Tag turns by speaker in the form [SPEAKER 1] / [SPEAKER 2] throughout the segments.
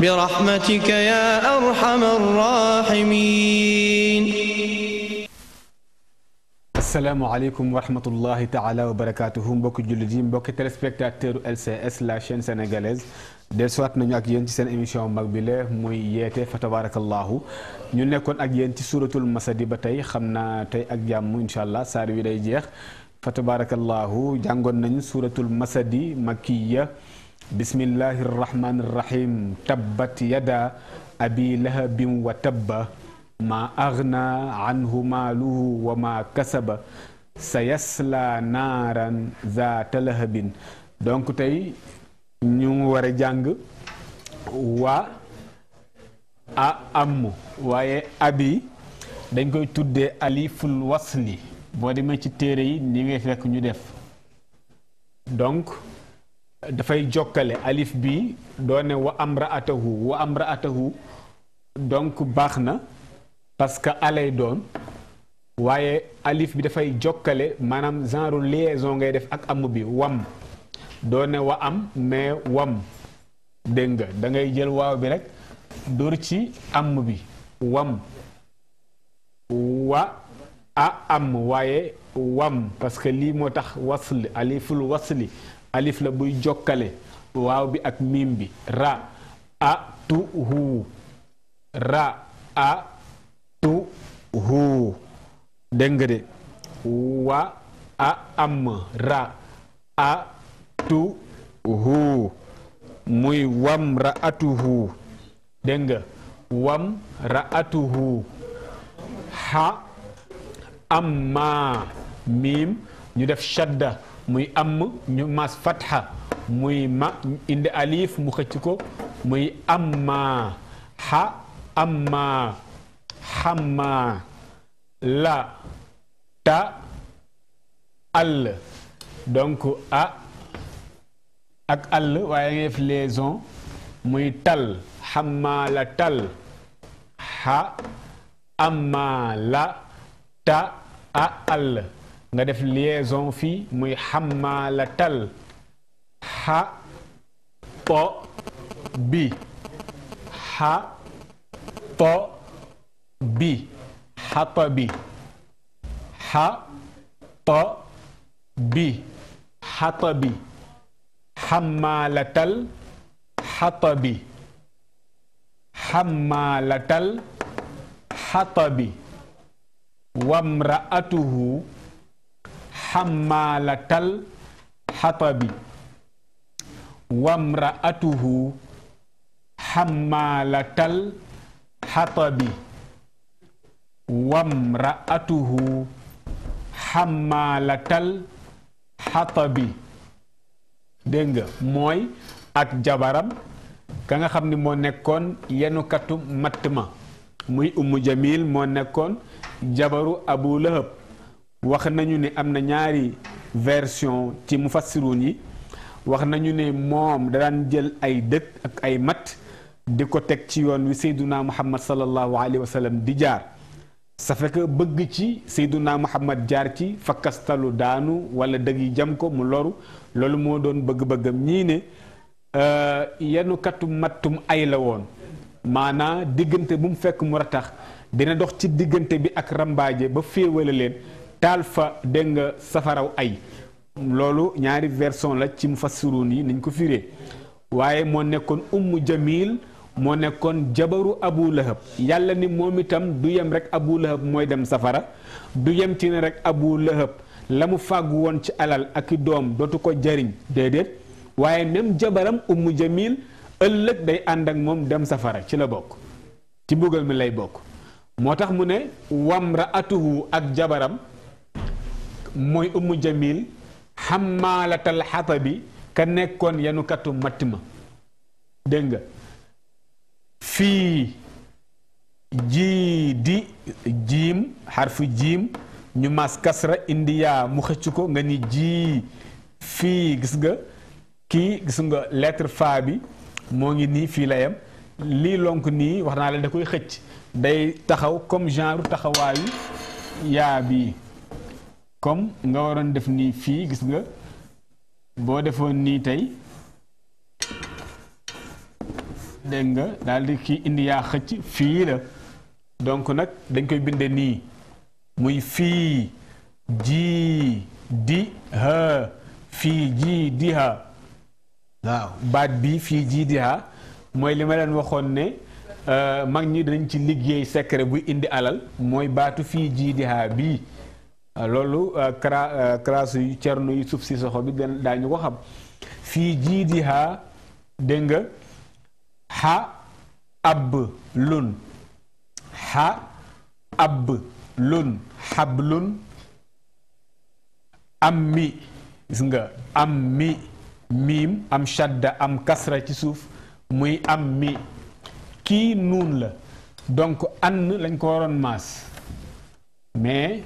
[SPEAKER 1] برحمتك يا أرحم الراحمين asalaamaaleykum wa rahmatullahi taala wa barakaatuhu mbokki jullit yi mbokki téléspectateur LCS la chaîne sénégalaise dellusiwaat nañu ak yéen ci seen émission mag bi la muy yeete fa tabarakallahu ñu nekkoon ak yéen ci suratul masadi ba tey xam naa tey ak jàmm incha allah saar wi day jeex fa tabarakallahu jàngoon nañu suratul masadi makkiya bismillahi irrahmani irrahim tabbat yada abi lahabin wa tabba ma agna anhu maaluhu wa ma kasaba sa yasla naaran zaata lahabin donc tey ñu war a jàng waa a am waaye abi dañ koy tuddee aliful wasli boo demee ci téere yi ni ngay fekk ñu def donc dafay jokkale alif bi doone wa amraatahu wa amraatahu donc baax na parce que alay doon waaye alif bi dafay jokkale maanaam genre liaison ngay def ak am bi wam doone wa am mais wam dégg nga da ngay jël waaw bi rek dóor ci am bi wam wa a am waaye wam parce que lii moo tax wasl aliful wasli alif la buy jokkale waaw bi ak miim bi ra a tu hu ra a tu hu dégg de wa a am ra a tu hu muy wam ra atuhu dégg nga wam ra atuhu ha amma miim ñu def shadda muy am ñu mas fatha muy ma indi alif mu xëcc ko muy amma ha amma hamma la ta al donc a ak al waaye nga def liaison muy tal hamma la tal ha amma la ta a al nga def liaison fi muy xamaalatal ha po bi ha po bi ha po bi ha po bi ha po bi ha po bi ha po bi wamraatuhu xamaalatal xatabi wamraatuhu xamaalatal xatabi wamraatuhu xamaalatal xatabi dégg nga mooy ak jabaram ka nga xam ni moo nekkoon yenukatu matt ma muy ummu jamil moo nekkoon jabaru abu lahab wax nañu ni am na ñaari version ci mufassiruun yi wax nañu ne moom daan jël ay dëkk ak ay mat di ko teg ci yoon wi sayduna muhammad sallallahu alayhi wa sallam di jaar sa fekk bëgg ci sayduna muhammad jaar ci fakkastalu daanu wala dëgg yi jam ko mu loru loolu moo doon bëgg-bëggam ñii ne euh, yenu katum mattum ay la woon maanaa diggante bu mu fekk mu ratax dina dox ci diggante bi ak rambaaje ba féewale leen daal fa dégg nga safaraw ay loolu ñaari version la ci mufassirun yi niñ ko firee waaye moo nekkoon ummu jamil moo nekkoon jabaru abu lahab yàlla ni moom itam du yem rek abu lahab mooy dem safara du yem ci ne rek abu lahab la mu fàggu woon ci alal aki doom dootu ko jariñ déedéet waaye même jabaram ummu jamil ëllëg day ànd ak moom dem safara ci la bokk ci mbugal mi lay bokk moo tax mu ne wamraatuhu ak jabaram mooy ummu jamil xamaalatal xatabi ka nekkoon yanukatu matt ma dégg nga fii ji di jiim xarfu jiim ñu mas kasra indi mu xëcc ko nga ni ji fii gis nga kii gis nga lettre fa bi moo ngi nii fii la yem lii lonk nii wax naa la da koy xëcc day taxaw comme genre taxawaayu yaa bii comme nga waroon def nii fii gis nga boo defoon nii tey dégg nga daal di kii indi yaa xëcc fii la donc nag dañ koy binde nii muy fii ji di fii ji di ha waaw baat bi fii ji di ha mooy li ma leen waxoon ne euh, mag ñi dañ ci liggéey secret buy indi alal mooy baatu fii ji di ha bii Euh, loolu kra euh, euh, crasse yu cernu yu suuf si soxo bi daañu ko xam fii jii di ha dégg nga ha ab lun ha ab lun xab lun am mi gis nga am mi miim am shadda am kasra ci suuf muy am mi kii nuun la donc ann lañ ko waroon maas mais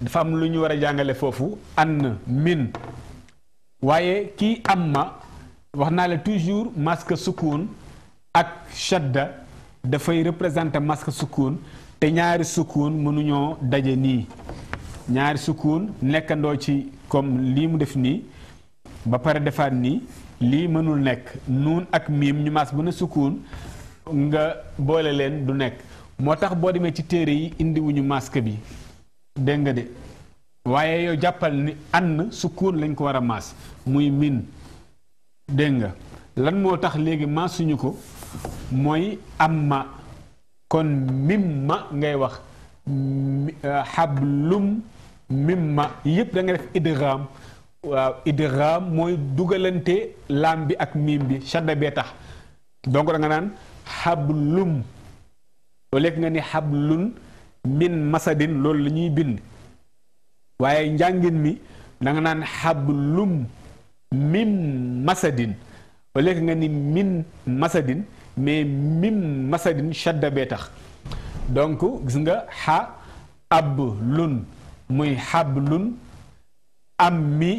[SPEAKER 1] dafa am lu ñu war a jàngale foofu an min waaye kii amma wax naa la toujours masque sukun ak shadda dafay représenter masque sukun te ñaari sukun mënuñoo daje nii ñaari sukun nekkandoo ci comme lii mu def nii ba pare defaat nii lii mënul nekk nuun ak miim ñu mas bu ne sukun nga boole leen du nekk moo tax boo demee ci téere yi indiwuñu masque bi dégg nga de waaye yow jàppal ni ànn sukkoon lañ ko war a maas muy miin dégg nga lan moo tax léegi maasuñu ko mooy am ma kon mim ma ngay wax xablum euh, mim ma yëpp da nga def idgham waaw idgham mooy dugalante laam bi ak miim bi shadda bee tax donc danga nga naan xablum au lieu nga ni xablun min masadin loolu lañuy bind waaye njàngin mi da nga naan xablum min masadin ba léegi nga ni min masadin mais mim masadin shadda bee tax donc gis nga xa ab lun muy xablun am mi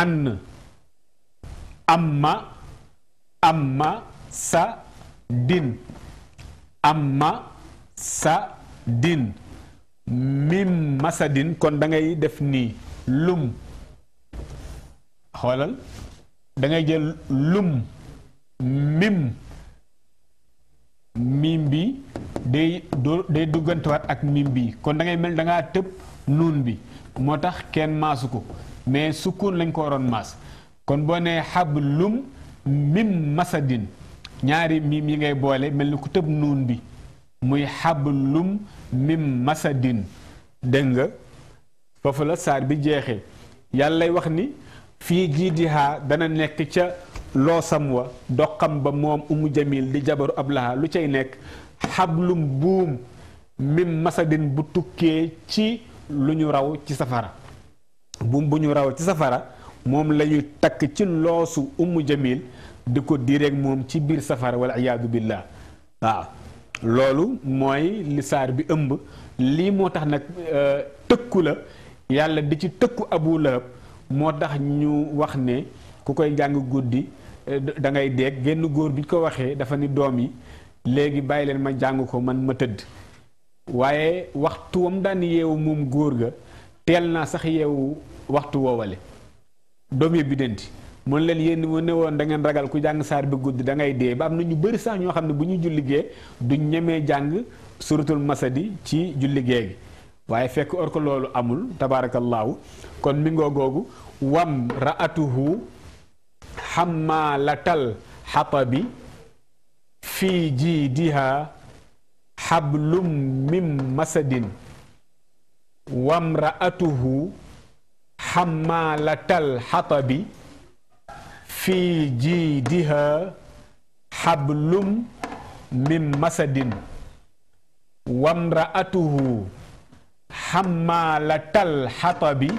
[SPEAKER 1] ann am amma sa din am amma sa din mim masadin kon dangay def nii lum xoolal dangay jël lum mim miim bi day day duggantewaat ak miim bi kon da ngay mel da ngaa tëb nuun bi moo tax kenn maasu ko mais sukkuun lañ ko waroon maas kon boo nee xab lum mim masadin ñaari mim yi ngay boole mel ni ku tëb nuun bi muy xablum mim masadin dégg nga foofu la saar bi jeexee yàllay wax ni fii jiidihaa dana nekk ca loosam wa doqam ba moom umu jamil di jabaru ablaha lu cay nekk xablum buum mim masadin bu tukkee ci lu ñu raw ci safara bu ñu raw safara moom la takk ci loosu umu jamil di ko direeg moom ci biir safara wala iyaadu billah waaw loolu mooy lisaar bi ëmb lii moo tax nag euh, tëkku la yàlla di ci tëkku abu lahab moo tax ñu wax ne ku koy jàng guddi euh, dangay ngay génn góor bi ñu ko waxee dafa ne doom yi léegi bàyyi leen ma jàng ko man ma tëdd waaye waxtu wam daan yeewu moom góor ga teel naa sax yeewu waxtu woowale doom yi biddanti mën leen yéen mu ne woon da ngeen ragal ku jàng saar bi guddi da ngay dee ba am na ñu bari sax ñoo xam ne bu ñu julligee du ñemee jàng suratul masadi ci julligee gi waaye fekk or loolu amul tabaarakallaahu kon mi ngoo googu wam raatuhu xammaalatal xatabi fii jiidiha xablum min masadin wam raatuhu xammaalatal xatabi fii jiidiha xablum min masadin wa mraatuhu xammaalatal xatabi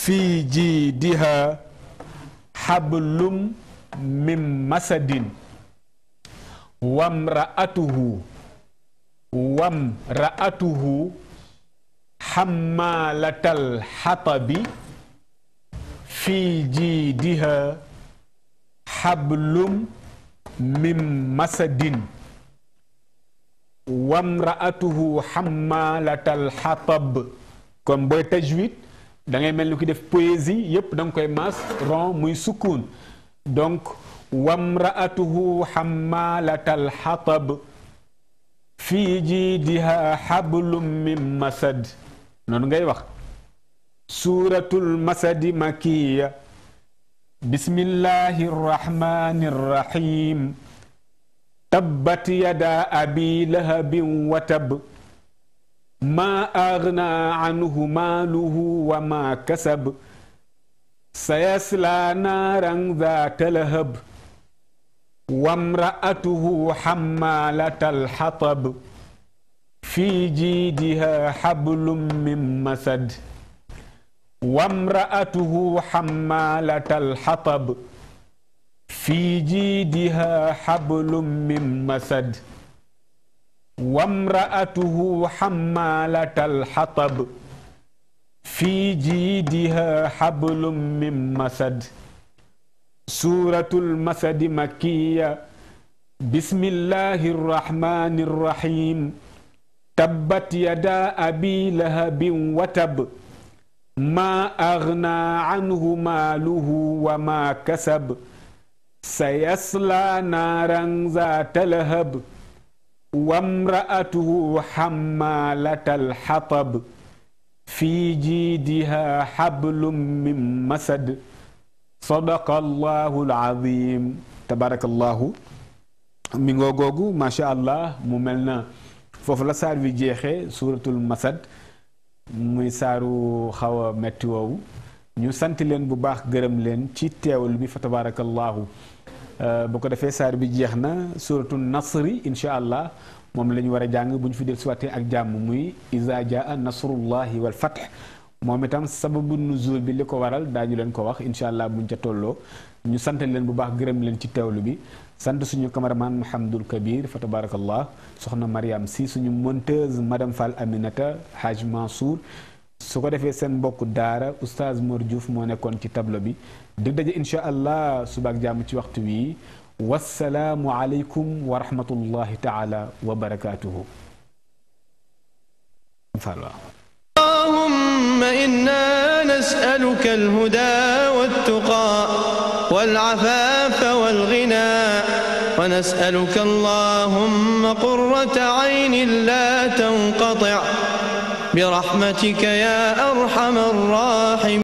[SPEAKER 1] fii jiidiha xablum min masadin wa mraatuhu wa mraatuhu xammaalatal xatabi في جيدها حبل من مسد wamraatuhu xammaalatal xatab kon booy tajwid da ngay mel ni ki def poésie yépp da nga koy maas ron muy sukkuun donc wamraatuhu xammaalatal xatab fii jiidiha xablum min masad noonu ngay wax سورة المسد مكية بسم الله الرحمن الرحيم تبت يدا أبي لهب وتب ما أغنى عنه ماله وما كسب سيسلى نارا ذات لهب وامرأته حمالة الحطب في جيدها حبل من مسد وامرأته حمالة الحطب في جيدها حبل من مسد وامرأته حمالة الحطب في جيدها حبل من مسد سورة المسد مكية بسم الله الرحمن الرحيم تبت يدا أبي لهب وتب ما أغنى عنه ماله وما كسب سيصلى نارا ذات لهب وامرأته حمالة الحطب في جيدها حبل من مسد صدق الله العظيم تبارك الله من غوغو ما شاء الله مملنا mel na foofu la saar muy saaru xaw a metti woowu ñu sant leen bu baax gërëm leen ci teewal bi fa tabaarakallaahu euh, bu ko defee saar bi jeex na suratu nasri incha allah moom la ñu war a jàng bu ñu fi del suwaatee ak jàmm muy iza jaa nasrullahi wal fath moom itam sababu nuzul bi li ko waral daañu leen ko wax incha allah buñ ca tolloo ñu sant leen bu baax gërëm leen ci teewlu bi sant suñu cameraman Mouhamadul Kabir fa tabarakallah soxna Mariam si suñu monteuse madame Fall Aminata Hadj Mansour su ko defee seen mbokk daara oustaz Mor Diouf moo nekkoon ci tablo bi dig daje incha allah subaak jàmm ci waxtu wi wasalaamu aleykum wa rahmatullahi taala wa barakaatuhu. اللهم إنا نسألك الهدى والتقى والعفاف والغنى ونسألك اللهم قرة عين لا تنقطع برحمتك يا أرحم الراحمين